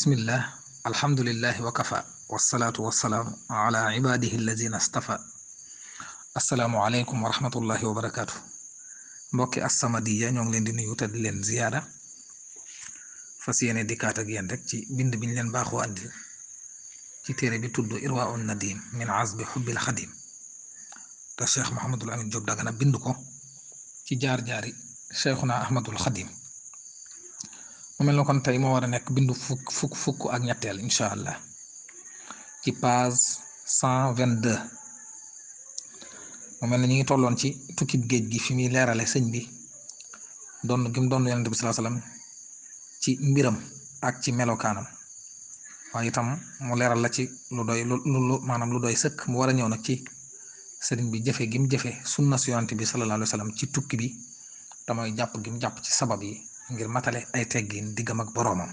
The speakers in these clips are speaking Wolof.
bismillah alhamdulillahi wa kafa wasalaatu wasalaamu ala ibadihi allazina astafa mbokki assamadiya ñoo ngi leen di nuyu te di leen ziyaara fas yéene dikkaat ak yéen ci bind biñ leen baaxoo andil ci téere bi tudd irwaa un nadim min azbi xubbil xadim te cheikh mahamadul amin Jóob Dagana bind ko ci jaar-jaari cheikhuna ahmadul xadim mu mel na kon tey moo war a nekk bindu fukk fukk fukk ak ñetteel incha allah ci page cent vingt deux mu mel na ñu ngi tolloon ci tukkib géej gi fi muy leerale sëñ bi doon gi mu doon yonent bi salaa ci mbiram ak ci melokaanam waaye itam mu leeral la ci lu doy lu lu maanaam lu doy sëkk mu war a ñëw nag ci sëriñ bi jëfe gi mu jëfe sunna su yonent bi salallaahu alayhi wa ci tukki bi damay jàpp gi jàpp ci sabab yi. ngir matale ay teggin diggam ak boroomam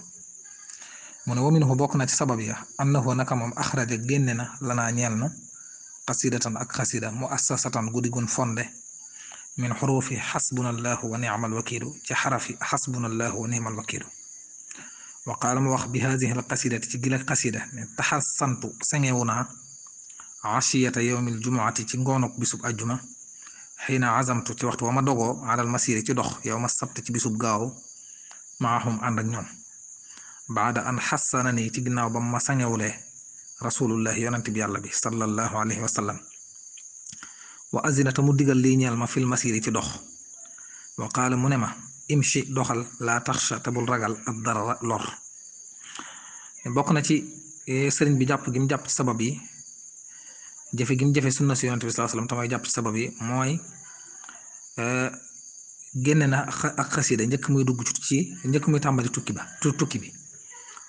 mu ne wa minhu bokk na ci sabab ya annahu naka moom axraja génne na lanaa ñeel na ak xasida mu assasatan guddi gun fonde min xurufi xasbuna allahu wa niamal wakiilu ci xarafi xasbuna allahu wa niamal wakiilu wa qaala wax bi haadihi alqasidati ci gila xasida ne taxassantu sangewu ashiyata yowmi aljumuati ci ngoonuk bisub ajjuma xiina azamtu ci waxtu wa ma alal masiri ci dox yow sabt ci bisub gaaw maahum ànd ak ñoom baada an xassana ci ginnaaw ba ma sañewulee rasulullah yonent bi yàlla bi sallallahu alayhi wa sallam wa azinata mu digal lii ma fil masiri ci dox wa qaala mu ne ma imshi doxal laa tax te bul ragal ab dara lor bokk na ci e, sëriñ bi jàpp gi jàpp ci sabab yi jëfe gi mu jëfe sunna si bi sallallahu jàpp ci sabab yi mooy e, génne na ak xasida njëkk muy dugg ci njëkk muy tàmbali tukki ba tukki bi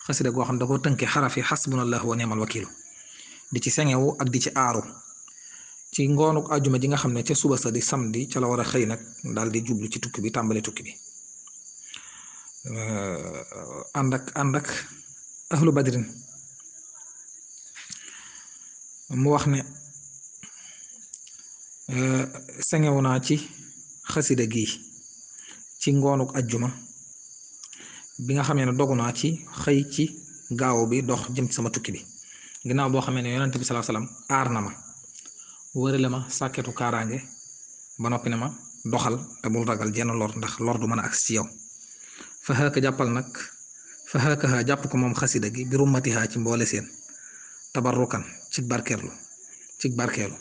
xasida goo xam ne da koo tënkee xaraf yi xasbunallahu wa ni'mal wakiilu di ci sengewu ak di ci aaru ci ngoonu ajuma ji nga xam ne ca suba sa di samedi ca la war a xëy nag daal di jublu ci tukki bi tàmbali tukki bi ànd ak ànd badrin mu wax ne sengewu naa ci xasida gii ci ngoonuk ajjuma bi nga xamee ne dogu naa ci xëy ci gaaw bi dox jëm sama tukki bi ginnaaw boo xamee ne yonent bi salaa salaam aar na ma wëri la ma sàkketu kaaraange ba noppi ne ma doxal te bul ragal jenn lor ndax lor du mën a agsi ci yow fa xaaka jàppal nag fa xaakaxaa jàpp ko moom xasida gi bi rummatihaa ci mboole seen tabarrukan ci barkeerlu ci barkeerlu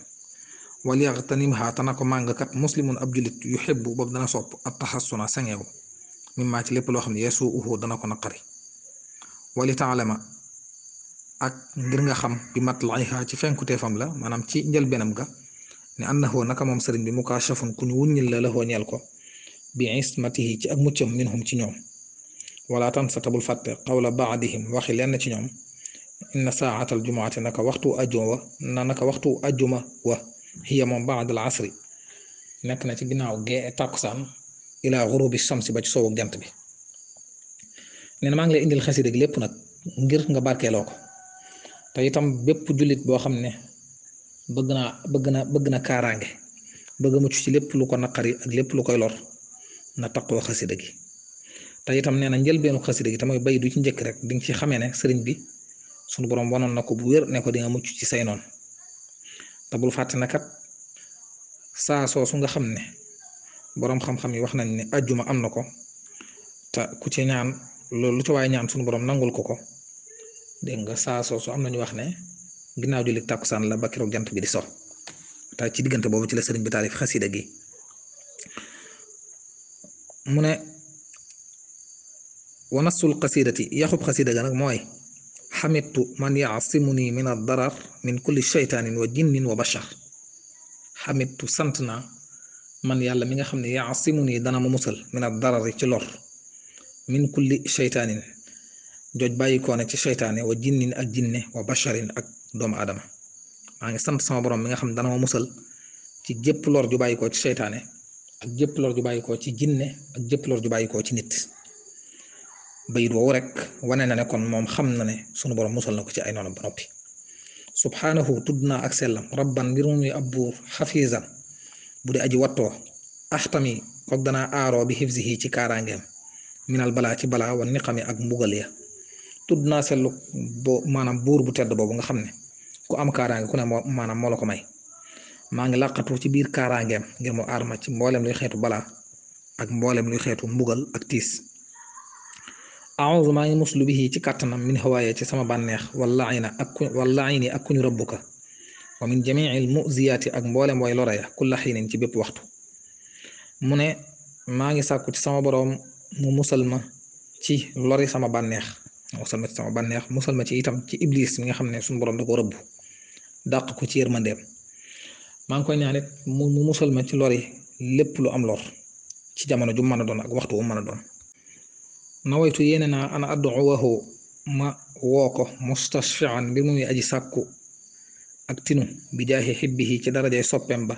wal yaxtanimha tana ko màng kat muslimun ab julit yuhibbu boobu dana sopp at taxassuna sangeew maa ci lépp loo xam ne yeesu uhu dana ko naqari wali taalama ak ngir nga xam bi matlaxiha ci fenkuteefam la maanaam ci njëlbeenam ga ne annahu naka moom sëriñ bi mukaashafun ku ñu wuññil la ko bi ismatihi ci ak muccam minhum ci ñoom wala tan sa tabul fàtte qawla baadihim waxi lenn ci ñoom inna saaxatal jumaati naka waxtu ajjuma wa na naka waxtu ajjuma wa hiya moom baadal asri nekk na ci ginnaaw gee tàkkusaan ilaa xurubi si ba ci soowu jant bi nee na maa ngi lay indil xasida gi lépp nag ngir nga barkeeloo ko te itam bépp jullit boo xam ne bëgg naa bëgg na bëgg na kaaraange bëgg mucc ci lépp lu ko naqari ak lépp lu koy lor na taqoo xasida gi te itam nee na njëlbeenu xasida gi tamit bay du ci njëkk rek di nga ci xamee ne sëriñ bi sunu borom wanoon na ko bu wér ne ko di mucc ci say noonu te bul fàtte na kat saa soosu nga xam ne boroom xam-xam yi wax nañ ne ajjuma am na ko ta ku ci ñaan loolu lu ci ñaan suñu borom nangul ko ko dégg nga saa soosu am nañu wax ne ginnaaw julli tàkkusaan la ba keroog jant bi di so ta ci diggante boobu ci la sëriñ bi taalif xasida gi mu ne wanasul xasidati yaxub xasida ga nag mooy xamitu man yaasimuni min addarar min kulli shaytaanin wa jinnin wa bashar xamitu sant na man yàlla mi nga xam ne yaasimuni dana ma musal min addarari ci lor min kulli shaytaanin joj bàyyi koo ci seytaane wa jinnin ak jinne wa basharin ak doomu aadama maa ngi sant sama borom mi nga xam ne dana ma musal ci jëpp lor ju bàyyikoo ci seytaane ak jëpp lor ju bàyyi ci jinne ak jëpp lor ju bàyyi koo ci nit bayit woowu rek wane na ne kon moom xam na ne sunu borom musal na ko ci ay noonu ba noppi subhaanahu tudd naa ak sellam rabban ngir muy ab buur xafiisan bu di aji wattoo axtami kook danaa aaroo bi xifsihi ci kaaraangeem minal balaa ci balaa wa niqami ak mbugal ya tudd naa sellu maanaam buur bu tedd boobu nga xam ne ku am kaaraange ku ne moo maanaam moo la ko may maa ngi làqatu ci biir kaaraangeem ngir mu aar ma ci mboolem luy xeetu balaa ak mboolem luy xeetu mbugal ak tiis aawdu maa ngi muslu bihi ci kàttanam min hawaaya ci sama bànneex wallaayna ak wallaayni ak kuñu rabbuka wa min jamiil muziyaati ak mboolem way loraya kulla xiinin ci bépp waxtu ne maa ngi sàkku sama boroom mu musal ma ci lori sama banneex musal ma ci sama musal ma ci itam ci iblis mi nga xam ne suñu boroom da ko rëbbu dàq ko ci yërmandeem maa ngi koy ñaan it mu musal ma ci lori lépp lu am lor ci jamono ju mën a doon ak waxtu wu mën a doon nawaytu yéene naa an adduwahu ma woo ko mustashfian mbir mu muy aji sàkku ak tinu bi jaahi xibbihi ci darajay soppeem ba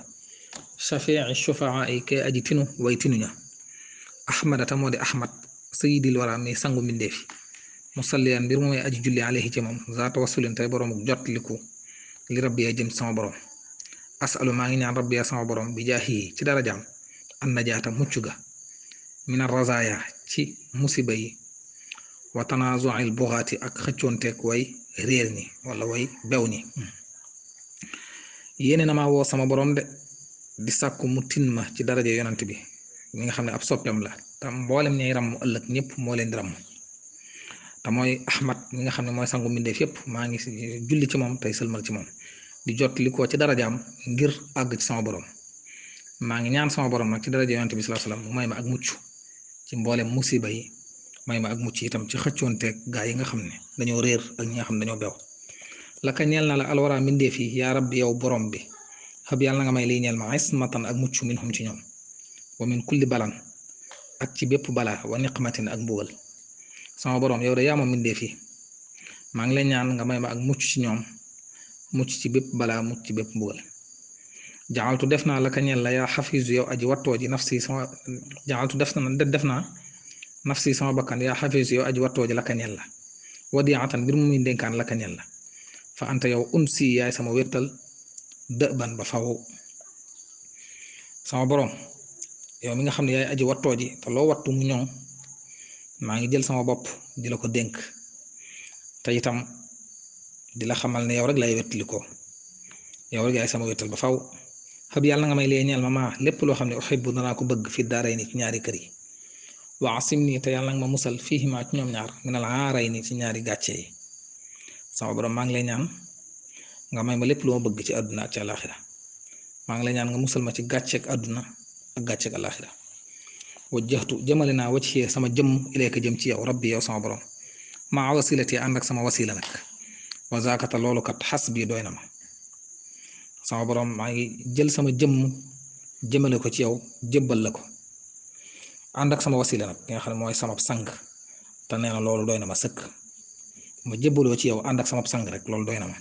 shafii shufaa ay kay aji tinu way tinu ña ahmada ta moo di ahmad sayidil wara mi sangu mbindeefi musalliyan mbir mu muy aji julli alayhi ci moom zaata wasulin tey borom jotliku li rabbi ya jëm sama borom asalu maa ngi ñaan rabbi ya sama borom bi jaahi ci darajaam an najaata mucc ga min arrazaaya ci musiba yi wa tanaazuil buxaati ak xëccoonteeg way réer ñi wala way bew ñi yéene na maa woo sama borom de di sàkku mu tin ma ci daraja yonant bi mi nga xam ne ab soppeem la tam mboolem ñay ràmm ñëpp moo leen di ràmm te mooy ahmad mi nga xam ne mooy sangu mbindeef yëpp maa ngi julli ci moom tey sëlmal ci moom di jotlikoo li ko ci darajaam ngir àgg ci sama borom maa ngi ñaan sama borom nag ci daraja yonante bi sallallahu alayhi wasallam mu ma ak mucc ci mboolem musiba yi may ma ak mucc tam ci xëccoonteeg gaa yi nga xam ne dañoo réer ak ñi nga xam ne dañoo bew laka ñeel na la alwara mbindeef fii yaa rabbi yow boroom bi xab yàlla nga may lii ñeel ma ak mucc min hum ci ñoom wa min ak ci bépp balaa wa niqmatin ak mbugal sama borom yow de yaa ma mbindeef maa ngi lay ñaan nga may ma ak mucc ci ñoom mucc ci bépp balaa mucc ci bépp mbugal jaxaltu def naa la ka la yaa xafiisu yow aji wattoo ji nafsi sama def na def naa nafsi sama bakkan yaa xafiisu yow aji wattoo ji la ka ñeel la wadiatan mbir mu muy dénkaan la ka ñeel la fa anta yow un yaay sama wéttal dëban ba faw sama borom yow mi nga xam ne yaay aji wattoo ji te loo wattu mu ñoŋ maa ngi jël sama bopp di la ko dénk te di la xamal ne yow rek lay wettali yow rek yaay sama wéttal ba faw xab yàlla nga may lee ñeel ma maa lépp loo xam ne uxibbu danaa ko bëgg fi daaray ni ci ñaari kër yi wa asim nii te yàlla nga ma musal fiihimaa ci ñoom ñaar minal aaray ni ci ñaari gàcce yi sama borom maa ngi lay ñaan nga may ma lépp lu bëgg ci àdduna ak maa ngi lay ñaan nga musal ma ci gàcceeg àdduna ak gàcceeg àlaxira wajjahtu jëmale naa wacc sama jëmm ilayka jëm ci yow rabbi borom maa wasilati ànd sama wasila nag wa loolu kat xas bii doy na ma sama borom maa ngi jël sama jëmm jëmale ko ci yow jëbbal la ko ànd ak sama wasila nag ki xam ne mooy sama sang te nee loolu doy na ma sëkk ma jëbbaloo ci yow ànd ak sama sang rek loolu doy na ma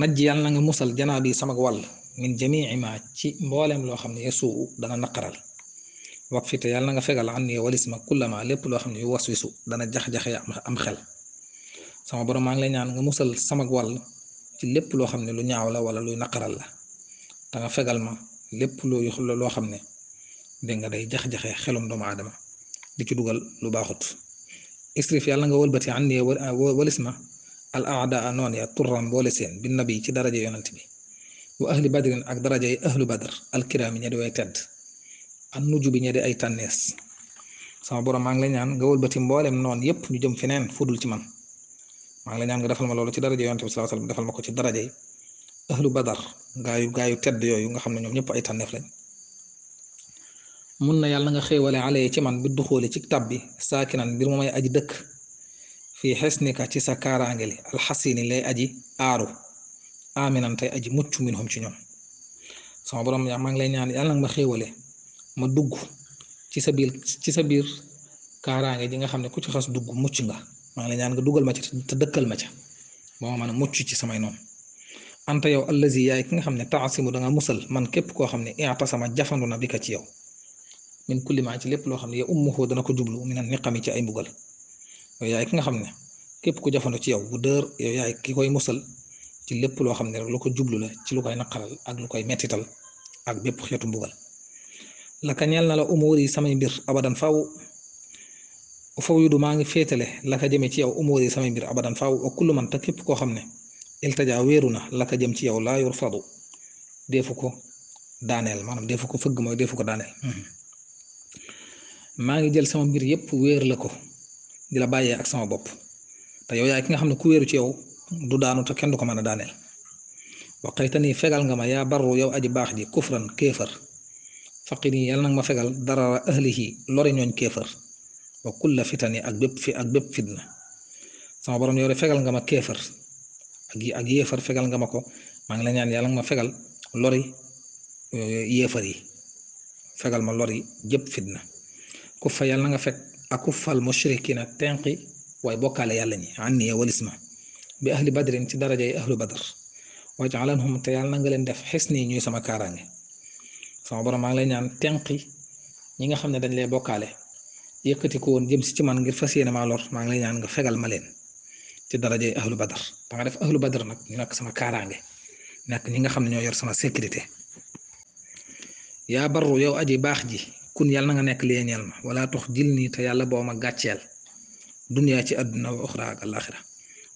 naj yàlla na nga musal janaa bi sama wàll min jamii ma ci mbooleem loo xam ne yesuu dana naqaral wax fi yàlla nga fegal an ni walis ma lépp loo xam ne yu waswisu dana jax am xel maa ngi lay nga musal sama wàll ci lépp loo xam ne lu ñaaw la wala luy naqaral la danga nga fegal ma lépp loo xam ne dégg nga day jax-jaxe xelum doomu aadama di ci dugal lu baaxut istrif yàlla nga wëlbati ànd walis ma noon ya turam seen bi nabi ci daraja yonant bi wa ahli badrin ak daraja yi ahlu badr alkiraami ñe di way tedd an nuju bi ñe di ay tànnees sama borom maa ngi la ñaan nga wëlbati mboolem noon yépp ñu jëm feneen fudul ci man maa ngi la nga defal ma loolu ci daraje yonent bi sallallahu alayhi wasallam defal ma ko ci daraje ahlu badar tedd yooyu nga xam ne ñoom ñëpp ay tànneef lañ mun na yàlla nga xéewale alee ci man bi du xooli ci tab bi saakinan mbir mu may aji dëkk fii xesnika ci sa kaaraange li alxasini aji aaru aminan tey aji mucc ci ñoom sama borom yaa maa ngi lay ñaan yàlla nga ma xéewale ma dugg ci sa biir ci sa biir kaaraange ji nga xam ne ku ci xas dugg mucc nga maa ngi la ñaan nga dugal ma ci te dëkkal ma ca boo ma mën a mucc ci samay noonu anta yow allazi yaay ki nga xam ne taasimu danga musal man képp koo xam ne i'tasama jafandu na bi ka ci yow min kulli maa ci lépp loo xam ne ya ummuhu dana ko jublu minan niqami ci ay mbugal yow yaay ki nga xam ne képp ku jafandu ci yow bu dër yow yaay ki koy musal ci lépp loo xam ne rek lu ko jublu la ci lu koy naqaral ak lu koy mettital ak bépp xeetu mbugal la ka na la umuri samay mbir abadan faw wa du maa ngi féetale la ka jëmee ci yow umóor yi samay mbir abadan faaw ak man te képp koo xam ne iltajaa wéeru na la ka jëm ci yaw laa yor fadu defu ko daaneel maanaam deefu ko fëgg mooy deefu ko daaneel maa ngi jël sama mbir yépp wéer la ko di la bàyyee ak sama bopp te yow yaay ki nga xam ne ku wéeru ci yaw du daanu kenn du ko mën a daaneel waqayta nii fegal nga ma yaa barru yow aji baax ji kufran kéefar faqi nii yàlla nag ma fegal dara ahlihi lori ñooñ kéefar wa kulla fitani ak bépp fi ak bépp fitna sama borom yow de fegal nga ma keefar ak ak yéefar fegal nga ma ko maa ngi la ñaan yàlla nga ma fegal lori euh, yéefar yi fegal ma lori jëpp fitna ku fa yàlla nga fekk ak fal mushrikina tenqi waaye bokkaale yàlla ñi ànniye walis ma bi ahli badrin ci daraja yi ahlu badr wajaalanhum te yàlla na nga leen def xis nii ñuy sama kaaraange sama borom maa ngi lay ñaan tenqi ñi nga xam ne dañ lay bokkaale yëkkati ko woon jëm si ci man ngir fas yéene maa lor maa ngi lay ñaan nga fegal ma leen ci daraje ahlu badar ba nga def ahlu badar nag ñu nekk sama kaaraange nekk ñi nga xam ne ñoo yor sama sécurité yaa barru yow aji baax ji kun yàlla na nga nekk léeñeel ma wala tox jil nii te yàlla boo ma gàcceel duniyaa ci àdduna wa oxra ak alaxira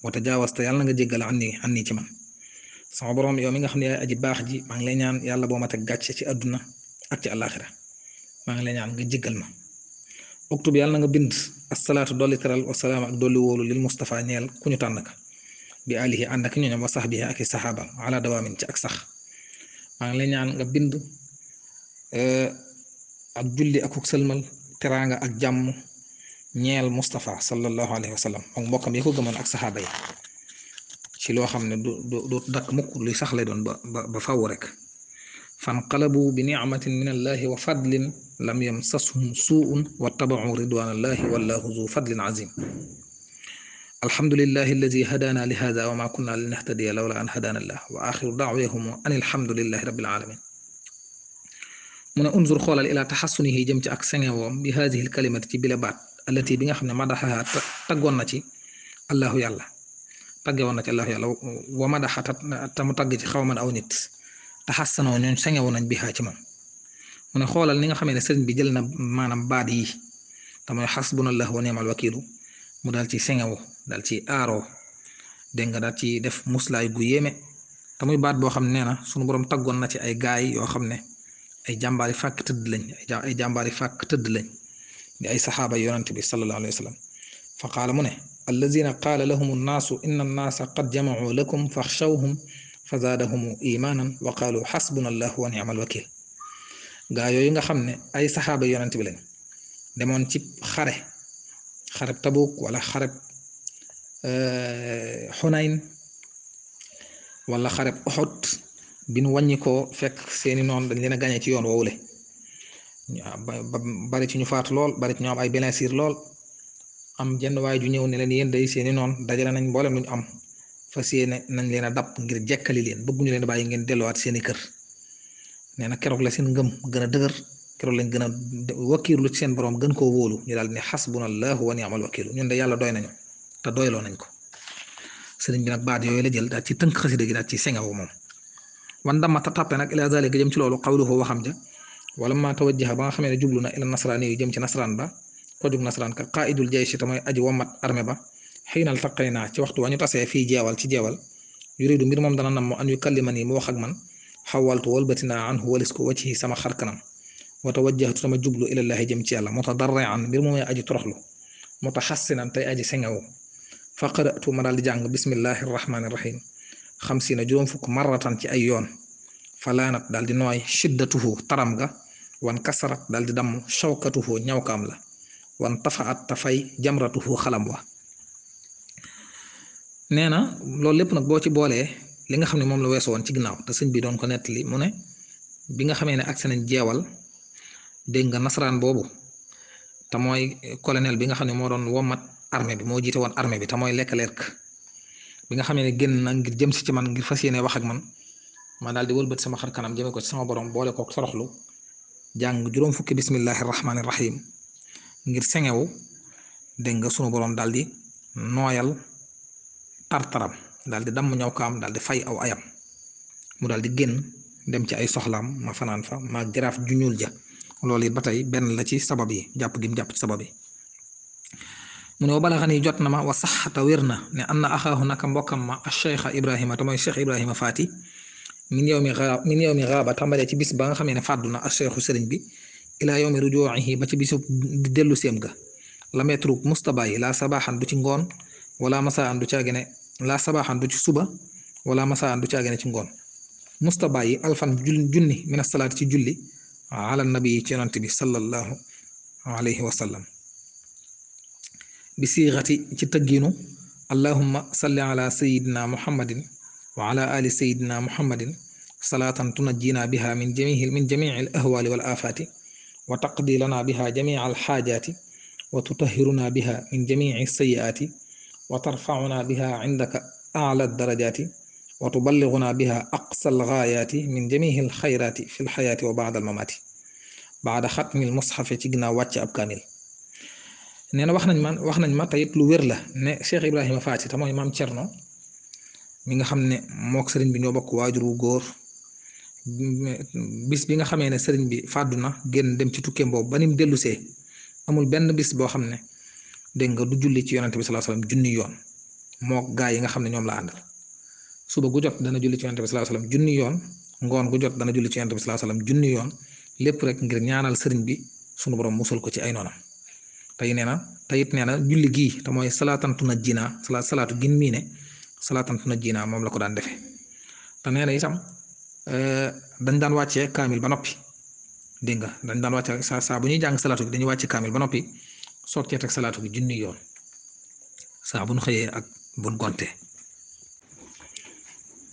wa te yàlla nga jéggal an nii an ci man sama borom yow mi nga xam ne aji baax ji maa ngi lay ñaan yàlla boo ma teg gàcce ci àdduna ak ci alaxira maa ngi lay ñaan nga jéggal ma uktub yàlla na nga bind asalaatu dolli ak dolli wóolu lil Mustapha ñeel ku ñu tànn bi alihi ànd ak ñooñam wa sax bi ak i saxaaba ala dawaamin ci ak sax maa nga bind eh, ak julli ak sëlmal teraanga ak jàmm ñeel Mustapha sallallahu alayhi wa sallam ak mbokkam yi ko gëmoon ak saxaaba yi ci loo xam ne du dakk mukk luy sax lay doon ba ba faw rek. fanqalabu bi nicmatin min allahi wa fadlin lam yamsashum suun wattabacu ridwan allahi wallahu zu fadlin azim alhamdulillahi alladi hadana li hada wa ma kunna linahtadiya lawla an hadana allah wa axiru daawahum an alhamdulillahi rabbil alamin mu ne unzur xoolal ilaa taxassunihi jëm ci ak sengewoom bi haadihi alkalimati ci bile baat allati bi nga xam ne madaxaha taggoon na ci allahu yàlla taggewoon na ci allahu yàlla wa madaxa ta mu tagg ci xawman aw nit taxassanoo ñun sañewoon nañ bi xaa ci moom mu ne xoolal ni nga xamee ne sëriñ bi jël na maanaam baat yi xas damay xasbunallah wa ni'mal wakiilu mu daal ci sañewoo dal ci aaroo dégg nga daal ci def muslaay gu yéeme te baat boo xam ne na sunu borom taggoon na ci ay gaay yoo xam ne ay jàmbaari fàkk tëdd lañ ay jàmbaari fàkk tëdd lañ ay saxaaba yonante bi sallallahu alayhi wa sallam fa qaala mu ne allazina qaala lahum annaasu inna annaasa qad jamacuu lakum faxshawhum fa zaadahumu imaanan wa qaalu xasbuna allahu wa ni'mal wakiil gaa yooyu nga xam ne ay saxaaba yonent bi lañ demoon ci xare xareb Tabuk wala xareb eh, Xunayn wala xareb Uhud bi nu wàññi koo fekk seeni noon dañ leen a gañe ci yoon woowule bari ci ñu faatu lool bari ci ñu am ay blessure lool am jenn waay ju ñëw ne leen yéen day seeni noon dajale nañ mboolem lu ñu am fas yéene nañ leen a dàpp ngir jekkali leen bëgguñu leen bàyyi ngeen delluwaat seeni kër nee keroog la seen ngëm a dëgër keroog lañ gën a wakkiirlu ci seen borom gën koo wóolu ñu daal ne xasbunallahu wa ni'mal wakiilu ñun de yàlla doy nañu te doyloo nañ ko sëriñ bi nag baat yooyu la jël daal ci tënk xasida gi daal ci sengaw moom wan dama ta tàppe nag ila zalika jëm ci loolu xawluhu waxam ja wala ma tawajjaha ba nga xamee ne jublu ba xëy na altaqaynaa ci waxtu wa ñu tasee fii jeewal ci jeewal yuridu mbir moom dana nam mu an yu kallimani mu wax ak man xawaltu walbatinaa an walis ko wacci sama xar kanam wa tawajjahtu sama jublu ilallahi jëm ci yàlla mutadarrian mbir moom aji toroxlu mutaxassinan tey aji sengawu fa qara'tu ma daal di jàng bismillahi rahmaani rahim xamsiina juróom fukk marratan ci ay yoon falaanat daal di nooy shiddatuhu taram ga wan kasarat daal di damm shawkatuhu ñawkaam la wan tafaat tafay jamratuhu xalam wa nee na loolu lépp nag boo ci boolee li nga xam ne moom la weesu woon ci ginnaaw te sëñ bi doon ko nettali mu ne bi nga xamee ne agsi nañ jeewal dégg nga nasaraan boobu te mooy colonel bi nga xam ne moo doon womat armée bi moo jiite woon armée bi tamooy lekk lekk bi nga xamee ne génn na ngir jëm si ci man ngir fas yéene wax ak man man daal di wëlbët sama xar kanam jëme ko ci sama borom boole ko toroxlu jàng juróom fukki bismillahi rahmaani rahim ngir sengewu dégg nga sunu borom daal di tartaram dal di damm ñaw kaam dal di fay aw ayam mu daal di génn dem ci ay soxlaam ma fanaan fa ma jaraaf ju ñuul ja loolu it ba tey benn la ci sabab yi jàpp gi mu jàpp ci sabab yi mu ne wa balaxa ni jot na ma wa saxta wér na ne an na axaahu naka mbokkam ma a cheikha ibrahima te mooy cheikh ibrahima faati min yow mi xaa min yow mi xaaba ci bis ba nga xamee ne fàddu na a cheikhu bi ilaa yow mi ci bisu dellu séem ga la metruk yi la sabaxan du ci ngoon wala masaan du caagene laa sabaaxan du ci suba wala masaan du caagene ci ngoon musta alfan junni min asalaati ci julli ala nabi ci yonante bi sallallahu alayhi ci tëggiinu allahumma salli ala sayidina muhammadin wa ali sayidina muhammadin salaatan tunajjina biha min jamiil min jamiil al biha jamiil al xaajaati wa biha min jamiil sayyiaati wa tarfauna biha indaka ala darajaati wa tuballiguna biha aqsa algaayaati min jamihi alxayraati fi lxayaati wa baada almamaati baada xatmil musxafe ci ginnaaw wàcc ab kaamil nee na wax nañ ma wax nañ ma tayit lu wér la ne Cheikh Ibrahima Faati te mooy maam Cerno mi nga xam ne mook sëriñ bi ñoo bokk waajur wu góor bis bi nga xamee ne sëriñ bi fàddu na génn dem ci tukkeem boobu ba nim dellusee amul benn bis boo xam ne dégg nga du julli ci yonante bi sallallahu alayhi wasallam junni yoon moo gaa yi nga xam ne ñoom la àndal suba gu jot dana julli ci yonante bi sallallahu yoon ngoon gu jot dana julli ci yonante bi sallallahu alayhi wasallam yoon lépp rek ngir ñaanal sëriñ bi sunu borom musul ko ci ay noonam tey nee na tey nee na julli mooy salaatantu na jiinaa sala salaatu gin mii ne salaatantu na jiinaa moom la ko daan defee te nee na itam eh, dañ daan wàccee kaamil ba noppi dégg nga dañ daan wàccee saa saa bu ñuy jàng salaatu bi dañuy wàccee kaamil ba noppi. soog cee teg salaatu bi junni yoon saa bu nu xëyee ak bu nu gonte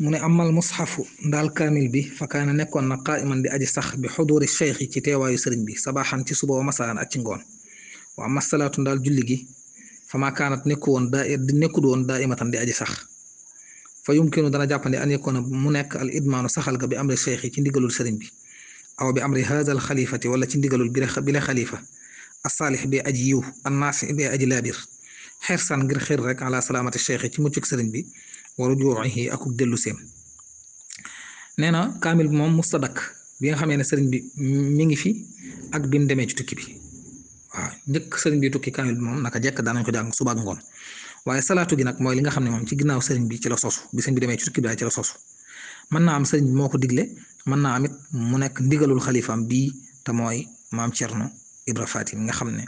mu ne am amal musxafu ndaal kaamil bi fa kaana nekkoon na qaaiman di aji sax bi xuduuri cheikh ci teewaayu sëriñ bi sabaxan ci suba wa masaan ak ci ngoon wa amma salaatu ndaal julli gi fa maa kaanat nekku woon daa di di aji sax fa yumkinu dana jàppandi an yakkoona mu nekk al idmaanu saxal ga bi amri cheikh ci ndigalul sëriñ bi aw bi amri haadal xalifati wala ci ndigalul bi la asaalix bee aji yiw annaasi bee aji laabir xersaan ngir xër rek ala salaamati cheikh ci muccug sëriñ bi waru juuxihi akuk dellu seem nee na kaamil bi moom musta dakk bi nga xamee ne sëriñ bi mi ngi fi ak bi demee ci tukki bi waaw njëkk sëriñ bi tukki kaamil bi moom naka jekk daanañ ko jàng suba ak ngoon waaye salaatu gi nag mooy li nga xam ne moom ci ginnaaw sëriñ bi ci la sosu bi sëriñ bi demee ci tukki bi daal ci la sosu mën naa am sëriñ bi moo ko digle mën naa amit mu nekk ndigalul xalifaam bii te mooy maam Cerno Ibra Faati mi nga xam ne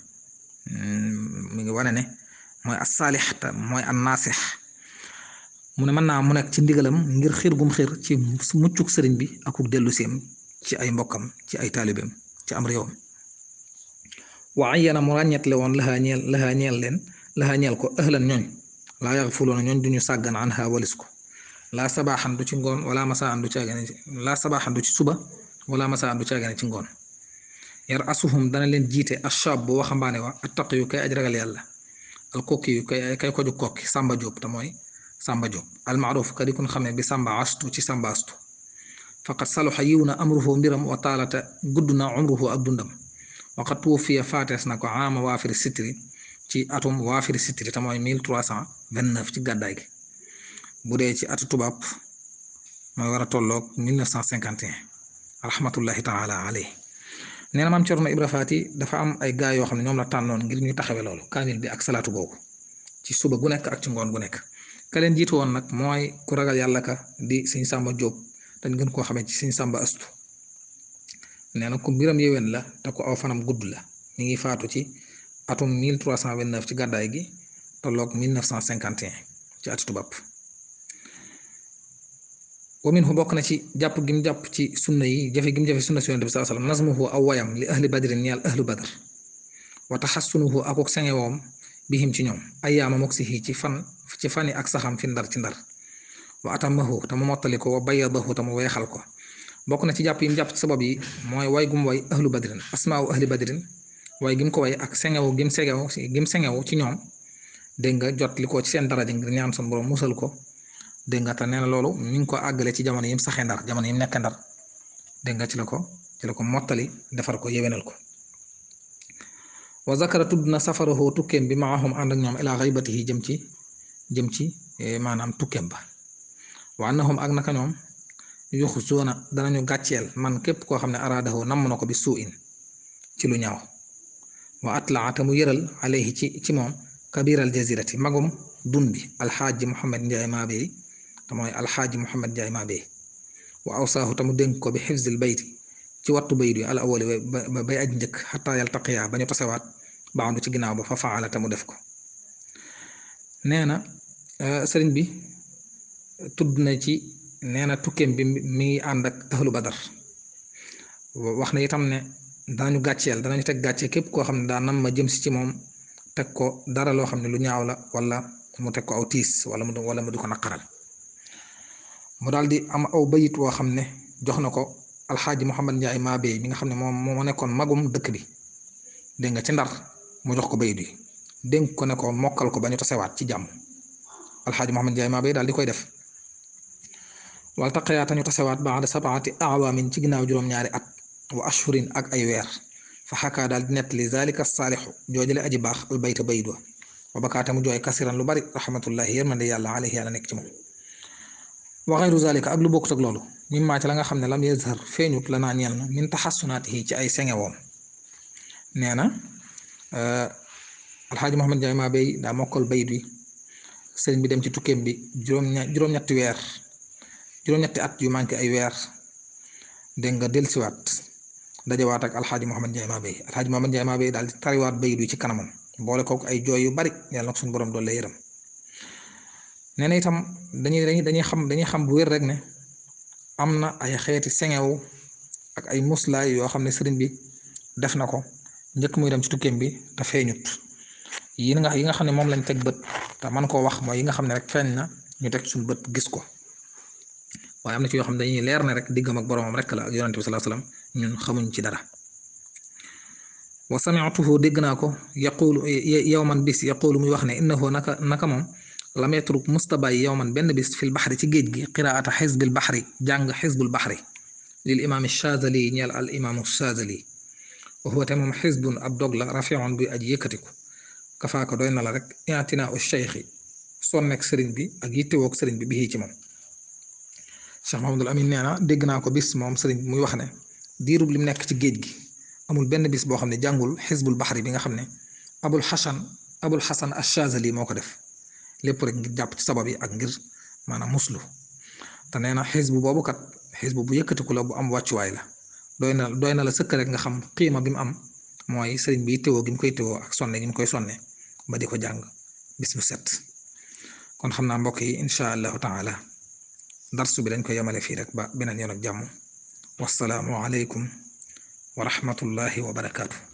mm, mi ngi wane ne mooy asaalix te mooy annaasix mu ne mën naa mu nekk ci ndigalam ngir xiir gum xiir ci muccuk sëriñ bi akuk delluseem ci ay mbokkam ci ay taalibeem ci am réewam waa ayana mu ràññetle woon laxaa ñeel leen laxaa ñeel ko ëhlan ñooñ laa yaxfuloona ñooñ duñu sàggan an xaa walis ko laa sabaaxan du ci ngoon walaa masaa an du caagane ci laa sabaaxan du ci suba walaa masaa an du caagane ci ngoon yar asuhum dana leen jiite ashab bu waxambaane wa attaq yu kay aj ragal yàlla al yu kay koju kokki sàmba jóob te mooy sàmba jóob al maaruf kun xamee bi sàmba astu ci sàmba astu faqad saluxa yiw na amruhu mbiram wa taalata gudd na umruhu ak dundam waqad tuwfiya faatees na ko ama waafiri sitri ci atum waafiri sitri te mooy 1329 ci gàddaay gi bu dee ci atu tubaab mooy war a tolloog 1951 rahmatullahi nee na maam Cerno Ibra Faati dafa am ay gaa yoo xam ne ñoom la tànnoon ngir ñu taxawee loolu kaamil bi ak salaatu boobu ci suba gu nekk ak ci ngoon gu nekk ka leen jiitu woon nag mooy ku ragal yàlla ka di sëñ Sàmba Jóob dañ gën koo xamee ci sëñ Sàmba Astu nee na ku mbiram yéwén la te ku aw fanam gudd la mi ngi faatu ci atum 1329 ci gàddaay gi tolloog 1951 ci ati tubaab wa minhu bokk na ci jàpp gim jàpp ci sunna yi jafe gim jafe sunna si yonent bi saa sallam nasmuhu aw wayam li ahli badrin ñeel ahlu badr wa taxassunuhu akuk sangewoom bihim ci ñoom ayaama moksihi ci fan ci fani ak saxam fi ci ndar wa atamahu te mu mottali ko wa bayadahu te mu weexal ko bokk na ci jàpp yim jàpp ci sabab yi mooy way gum way ahlu badrin asmaawu ahli badrin way gim ko woy ak sengewu gim sengewu gim sengewu ci ñoom dégg nga jot li ko ci seen dara daraja ngir ñaan sun borom musal ko dégg nga te na loolu mi ngi ko àggale ci jamono yim saxee ndar jamono yim nekk ndar dégg ci la ko ci la ko mottali defar ko yéwénal ko wa zakara tudd na safarahu tukkeem bi maahum ànd ak ñoom ilaa xaybatihi jëm ci jëm ci e, maanaam tukkeem ba wa annahum ak naka ñoom yuxu zoona danañu gàcceel man képp koo xam ne araadahu namm na ko bi suu in ci lu ñaaw wa atlaata mu yëral alayhi ci ci moom kabiral jazirati magum dun bi alxaaji Muhammad Njaay Maabéy te mooy alxaaji Muhammad Njaay Mabé wa awsaahu tamu dénk ko bi xifzil bayti ci wattu bayit yu al awali bay aj njëkk xataa yaltaqiyaa ba ñu tasewaat baandu ci ginnaaw ba fa faala tamu def ko na euh, sëriñ bi tudd na ci nee na tukkeem bi mi ngi ànd ak taxalu badar wax na itam ne danañu gàcceel danañu teg gàcce képp koo xam ne daa nam ma jëm si ci moom teg ko dara loo xam ne lu ñaaw la wala mu teg ko aw tiis wala mu wala mu du ko naqaral moo daal di am aw bayit woo xam ne jox na ko alxaaji Mouhamed Ndiaye Mabey mi nga xam ne moom moo nekkoon magum dëkk bi dégg nga ci ndar mu jox ko bayit yi dénk ko ne ko mokkal ko ba ñu tasewaat ci jàmm alxaaji Mouhamed Ndiaye Mabey daal di koy def wal taqayaa tañu tasewaat baada sabaati awaamin ci ginnaaw juróom-ñaari at wa ashhurin ak ay weer fa xakaa daal di nettali zalika saalixu joojale aji baax albayta bayit wa bakaate mu jooy kasiran lu bari rahmatullahi yërmande yàlla alayhi yàlla nekk ci moom waxeeru zalika ak lu bokk ak loolu mim maa ci nga xam ne lam yazhar feeñut la naa ñeel na min taxassunaat yi ci ay sengewoom nee na eh, alxaaji Muhammad Njaay ma bay daa mokkal bayit wi sëriñ bi dem ci tukkeem bi juróom-ñetti weer juróom at yu manqué ay weer dégg nga dellusiwaat dajawaat ak alxaaji Muhammad Njaay maa bay alxaaji Muhammad Njaay maa bay daal di tariwaat bayit wi ci kanamam boole kooku ay jooy yu bari yàlla na ko suñu dool doole yërëm nee na itam dañuy dañuy xam dañuy xam bu wér rek ne am na ay xeeti sengewu ak ay muslaay yoo xam ne sëriñ bi def na ko njëkk muy dem ci tukkeem bi te feeñut yi nga yi nga xam ne moom lañ teg bët te man koo wax mooy yi nga xam ne rek feeñ na ñu teg suñu bët gis ko waaye am na ci yoo xam ne dañuy leer ne rek diggam ak boromam rek la ak yonente bi sallallahu alayhi ñun xamuñ ci dara wa sami'tuhu dégg naa ko yaqulu yawman bis yaqulu muy wax ne innahu naka naka moom lam yatruk musta bàyyi yowman benn bis fil baxri ci géej gi qiraata xisbil baxri jàng xisbul baxri lil imaam Shaazali ñeel al imaamu Shaazali wa huwa te moom xisbun ab dog la rafiun bi aji yëkkatiku kafaaka doy na la rek iatinaa u cheikhi sonnek sëriñ bi ak yittewook sëriñ bi bi ci moom Cheikh Mahamadul Amin nee na dégg naa ko bis moom sëriñ bi muy wax ne diirub lim nekk ci géej gi amul benn bis boo xam ne jàngul xisbul baxri bi nga xam ne abul xasan abul xasan ashazali moo ko def lépp rek ngir jàpp ci sabab yi ak ngir maanaam muslu te nee na xisbu boobu kat xisbu bu yëkkatiku la bu am wàccuwaay la doy na doy na la sëkk rek nga xam xiima bi mu am mooy sëriñ bi teewoo gi mu koy teewoo ak sonne gi mu koy sonne ba di ko jàng bis bu set kon xam naa mbokk yi incha allahu taala darsu bi dañ koy yemale fii rek ba beneen yoon ak jàmm wasalaamu aleykum wa rahmatullahi wa barakaatu.